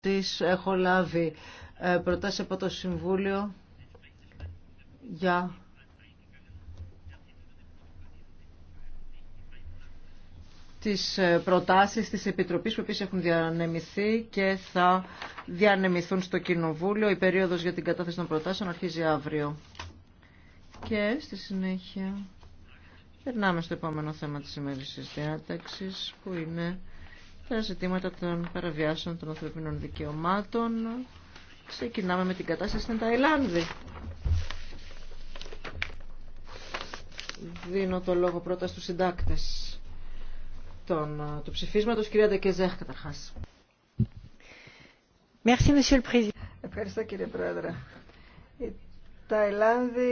της έχω λάβει ε, προτάσεις από το Συμβούλιο για τις ε, προτάσεις της Επιτροπής που επίσης έχουν διανεμηθεί και θα διανεμηθούν στο Κοινοβούλιο. Η περίοδος για την κατάθεση των προτάσεων αρχίζει αύριο. Και στη συνέχεια περνάμε στο επόμενο θέμα της σημερινής της διάταξης που είναι τα ζητήματα των παραβιάσεων των ανθρωπίνων δικαιωμάτων. Ξεκινάμε με την κατάσταση στην Ταϊλάνδη. Δίνω το λόγο πρώτα στους συντάκτες των, του ψηφίσματος. Κυρία Ντεκεζέχ, καταρχάς. Ευχαριστώ κύριε Πρόεδρε. Η Ταϊλάνδη